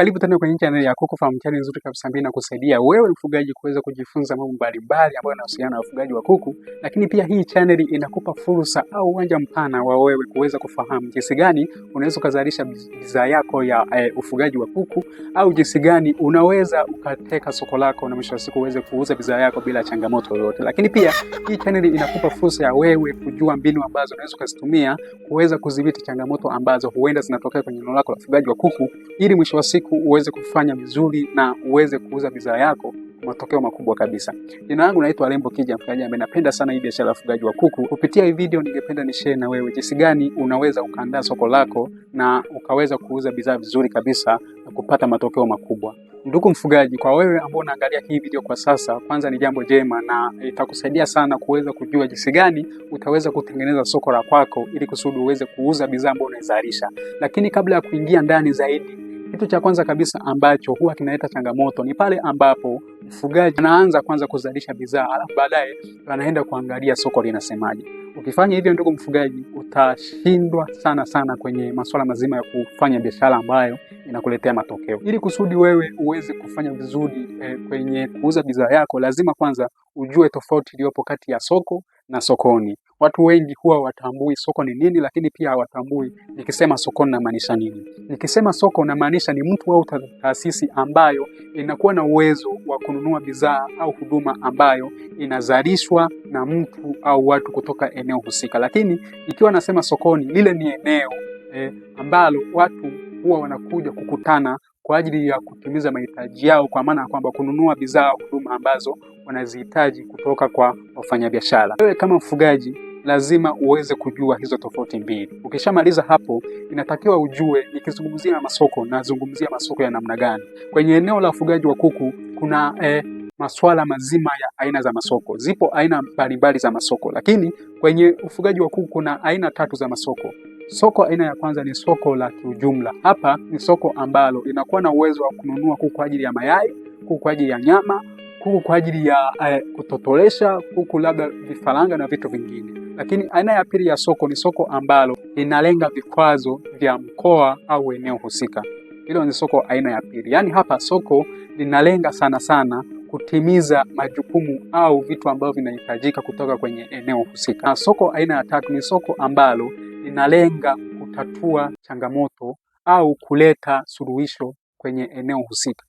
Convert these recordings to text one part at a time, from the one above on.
Karibu tena kwenye channel ya Kuku Farm, channel nzuri kabisa ambayo inakusaidia wewe mfugaji kuweza kujifunza mambo mbalimbali ambayo yanahusiana na ufugaji wa kuku, lakini pia hii channel inakupa fursa au uwanja mpana wa wewe kuweza kufahamu jinsi gani unaweza ukazalisha bidhaa yako ya e, ufugaji wa kuku au jinsi gani unaweza ukateka soko lako na mwisho wa siku uweze kuuza bidhaa yako bila changamoto yoyote. Lakini pia hii channel inakupa fursa ya wewe kujua mbinu ambazo unaweza ukazitumia kuweza kudhibiti changamoto ambazo huenda zinatokea kwenye eneo lako la ufugaji wa kuku ili mwisho wa siku siku uweze kufanya vizuri na uweze kuuza bidhaa yako matokeo makubwa kabisa. Jina langu naitwa Lembo Kija, mfugaji ambaye napenda sana hii biashara ya ufugaji wa kuku. Kupitia hii video, ningependa ni share na wewe jinsi gani unaweza ukaandaa soko lako na ukaweza kuuza bidhaa vizuri kabisa na kupata matokeo makubwa. Ndugu mfugaji, kwa wewe ambao unaangalia hii video kwa sasa, kwanza ni jambo jema na itakusaidia sana kuweza kujua jinsi gani utaweza kutengeneza soko la kwako ili kusudi uweze kuuza bidhaa ambazo unaizalisha. Lakini kabla ya kuingia ndani zaidi kitu cha kwanza kabisa ambacho huwa kinaleta changamoto ni pale ambapo mfugaji anaanza kwanza kuzalisha bidhaa alafu baadaye anaenda kuangalia soko linasemaje. Ukifanya hivyo, ndugu mfugaji, utashindwa sana sana kwenye masuala mazima ya kufanya biashara ambayo inakuletea matokeo. Ili kusudi wewe uweze kufanya vizuri eh, kwenye kuuza bidhaa yako, lazima kwanza ujue tofauti iliyopo kati ya soko na sokoni. Watu wengi huwa watambui soko ni nini, lakini pia hawatambui nikisema soko namaanisha nini. Nikisema soko namaanisha ni mtu au taasisi ambayo inakuwa na uwezo wa kununua bidhaa au huduma ambayo inazalishwa na mtu au watu kutoka eneo husika. Lakini ikiwa nasema sokoni, lile ni eneo eh, ambalo watu huwa wanakuja kukutana kwa ajili ya kutimiza mahitaji yao, kwa maana ya kwamba kununua bidhaa huduma ambazo wanazihitaji kutoka kwa wafanyabiashara. Wewe kama mfugaji lazima uweze kujua hizo tofauti mbili. Ukishamaliza hapo, inatakiwa ujue, nikizungumzia masoko nazungumzia masoko ya namna gani? Kwenye eneo la ufugaji wa kuku kuna eh, masuala mazima ya aina za masoko. Zipo aina mbalimbali za masoko, lakini kwenye ufugaji wa kuku kuna aina tatu za masoko. Soko aina ya kwanza ni soko la kiujumla. Hapa ni soko ambalo linakuwa na uwezo wa kununua kuku kwa ajili ya mayai, kuku kwa ajili ya nyama, kuku kwa ajili ya eh, kutotolesha kuku, labda vifaranga na vitu vingine. Lakini aina ya pili ya soko ni soko ambalo linalenga vikwazo vya mkoa au eneo husika. Hilo ni soko aina ya pili. Yaani hapa soko linalenga sana sana kutimiza majukumu au vitu ambavyo vinahitajika kutoka kwenye eneo husika. Na soko aina ya tatu ni soko ambalo linalenga kutatua changamoto au kuleta suluhisho kwenye eneo husika.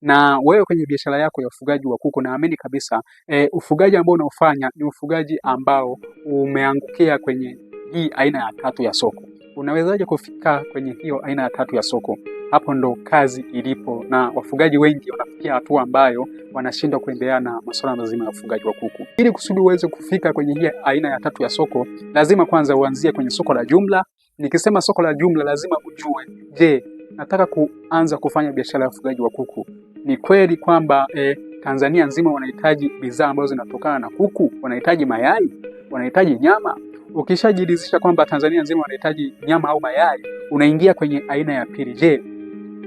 Na wewe kwenye biashara yako ya ufugaji wa kuku, naamini kabisa e, ufugaji ambao unaofanya ni ufugaji ambao umeangukia kwenye hii aina ya tatu ya soko. Unawezaje kufika kwenye hiyo aina ya tatu ya soko? Hapo ndo kazi ilipo, na wafugaji wengi wanafikia hatua ambayo wanashindwa kuendelea na masuala mazima ya ufugaji wa kuku. Ili kusudi uweze kufika kwenye hii aina ya tatu ya soko, lazima kwanza uanzie kwenye soko la jumla. Nikisema soko la jumla, lazima ujue, je, nataka kuanza kufanya biashara ya ufugaji wa kuku, ni kweli kwamba eh, Tanzania nzima wanahitaji bidhaa ambazo zinatokana na kuku, wanahitaji mayai, wanahitaji nyama. Ukishajiridhisha kwamba Tanzania nzima wanahitaji nyama au mayai, unaingia kwenye aina ya pili. Je,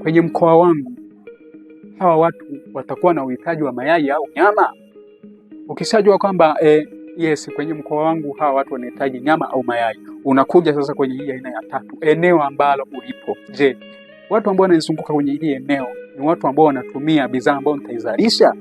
kwenye mkoa wangu hawa watu watakuwa na uhitaji wa mayai au nyama? Ukishajua kwamba eh, yes kwenye mkoa wangu hawa watu wanahitaji nyama au mayai, unakuja sasa kwenye hii aina ya tatu, eneo ambalo ulipo. Je, watu ambao wanaizunguka kwenye hili eneo ni watu ambao wanatumia bidhaa ambayo nitaizalisha?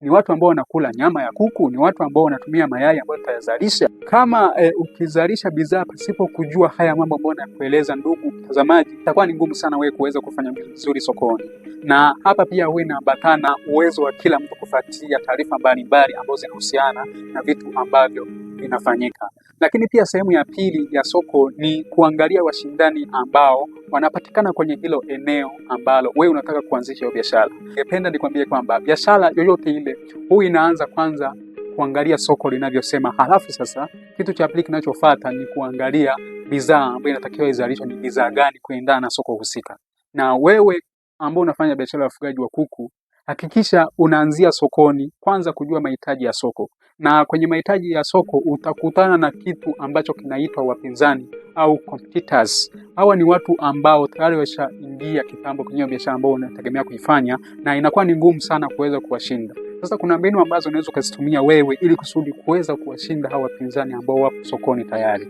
ni watu ambao wanakula nyama ya kuku, ni watu ambao wanatumia mayai ambayo tutayazalisha. Kama e, ukizalisha bidhaa pasipo kujua haya mambo ambayo nakueleza, ndugu mtazamaji, itakuwa ni ngumu sana wewe kuweza kufanya vizuri sokoni, na hapa pia huwe inaambatana uwezo wa kila mtu kufuatilia taarifa mbalimbali ambazo zinahusiana na vitu ambavyo vinafanyika. Lakini pia sehemu ya pili ya soko ni kuangalia washindani ambao wanapatikana kwenye hilo eneo ambalo wewe unataka kuanzisha biashara. Ningependa nikwambie kwamba biashara yoyote ile shinde. Huu inaanza kwanza kuangalia soko linavyosema, halafu sasa kitu cha pili kinachofuata ni kuangalia bidhaa ambayo inatakiwa izalishwe ni bidhaa gani kuendana na soko husika. Na wewe ambao unafanya biashara ya ufugaji wa kuku, hakikisha unaanzia sokoni kwanza kujua mahitaji ya soko, na kwenye mahitaji ya soko utakutana na kitu ambacho kinaitwa wapinzani au competitors. Hawa ni watu ambao tayari washaingia kitambo kwenye biashara ambayo unategemea kuifanya, na inakuwa ni ngumu sana kuweza kuwashinda. Sasa kuna mbinu ambazo unaweza ukazitumia wewe ili kusudi kuweza kuwashinda hawa wapinzani ambao wapo sokoni tayari.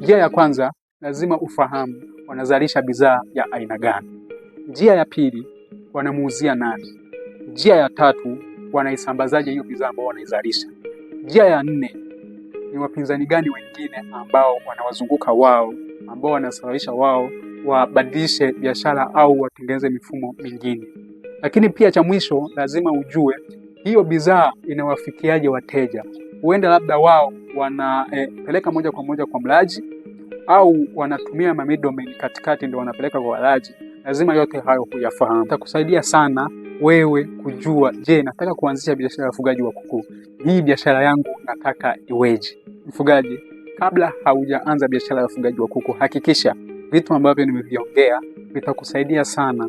Njia ya kwanza, lazima ufahamu wanazalisha bidhaa ya aina gani. Njia ya pili, wanamuuzia nani. Njia ya tatu, wanaisambazaje hiyo bidhaa ambao wanaizalisha. Njia ya nne, ni wapinzani gani wengine ambao wanawazunguka wao, ambao wanasababisha wao wabadilishe biashara au watengeneze mifumo mingine. Lakini pia cha mwisho, lazima ujue hiyo bidhaa inawafikiaje wateja? Huenda labda wao wanapeleka eh, moja kwa moja kwa mlaji au wanatumia ma katikati ndio wanapeleka kwa walaji. Lazima yote hayo kuyafahamu, itakusaidia sana wewe kujua, je, nataka kuanzisha biashara ya ufugaji wa kuku, hii biashara yangu nataka iweje? Mfugaji, kabla haujaanza biashara ya ufugaji wa kuku, hakikisha vitu ambavyo nimeviongea vitakusaidia sana,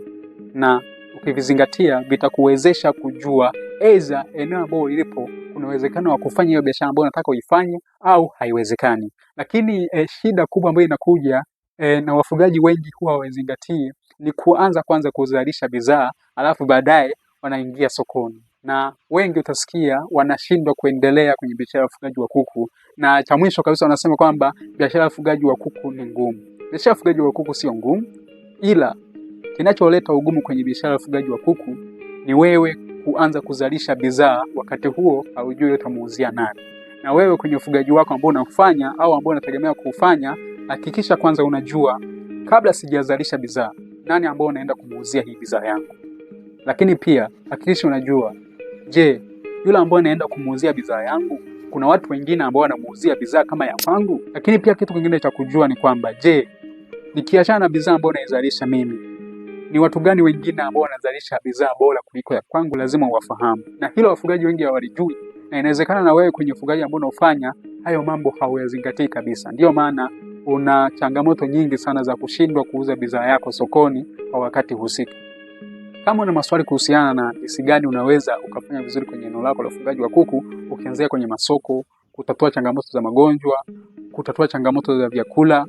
na ukivizingatia vitakuwezesha kujua aidha eneo ambayo ilipo kuna uwezekano wa kufanya hiyo biashara ambayo unataka uifanye au haiwezekani. Lakini e, shida kubwa ambayo inakuja e, na wafugaji wengi huwa hawazingatii ni kuanza kwanza kuzalisha bidhaa alafu baadaye wanaingia sokoni, na wengi utasikia wanashindwa kuendelea kwenye biashara ya ufugaji wa kuku. Na cha mwisho kabisa wanasema kwamba biashara ya ufugaji wa kuku ni ngumu. Biashara ya ufugaji wa kuku sio ngumu, ila kinacholeta ugumu kwenye biashara ya ufugaji wa kuku ni wewe huanza kuzalisha bidhaa, wakati huo haujui utamuuzia nani. Na wewe kwenye ufugaji wako ambao unafanya au ambao unategemea kuufanya, hakikisha kwanza unajua kabla sijazalisha bidhaa, nani ambao unaenda kumuuzia hii bidhaa yangu. Lakini pia hakikisha unajua, je, yule ambao naenda kumuuzia bidhaa yangu kuna watu wengine ambao wanamuuzia bidhaa kama ya kwangu? Lakini pia kitu kingine cha kujua ni kwamba, je, nikiachana na bidhaa ambayo naizalisha mimi ni watu gani wengine ambao wanazalisha bidhaa bora kuliko ya kwangu, lazima uwafahamu, na hilo wafugaji wengi hawalijui, na inawezekana na wewe kwenye ufugaji ambao unaofanya hayo mambo hauyazingatii kabisa. Ndiyo maana una changamoto nyingi sana za kushindwa kuuza bidhaa yako sokoni kwa wakati husika. Kama una maswali kuhusiana na jinsi gani unaweza ukafanya vizuri kwenye eneo lako la ufugaji wa kuku, ukianzia kwenye masoko, kutatua changamoto za magonjwa, kutatua changamoto za vyakula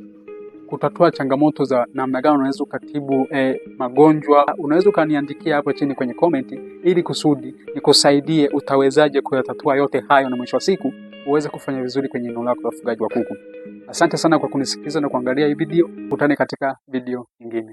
kutatua changamoto za namna gani unaweza ukatibu eh, magonjwa, unaweza ukaniandikia hapo chini kwenye komenti, ili kusudi nikusaidie utawezaje kuyatatua yote hayo, na mwisho wa siku uweze kufanya vizuri kwenye eneo lako la ufugaji wa kuku. Asante sana kwa kunisikiliza na kuangalia hii video. Kutane katika video nyingine.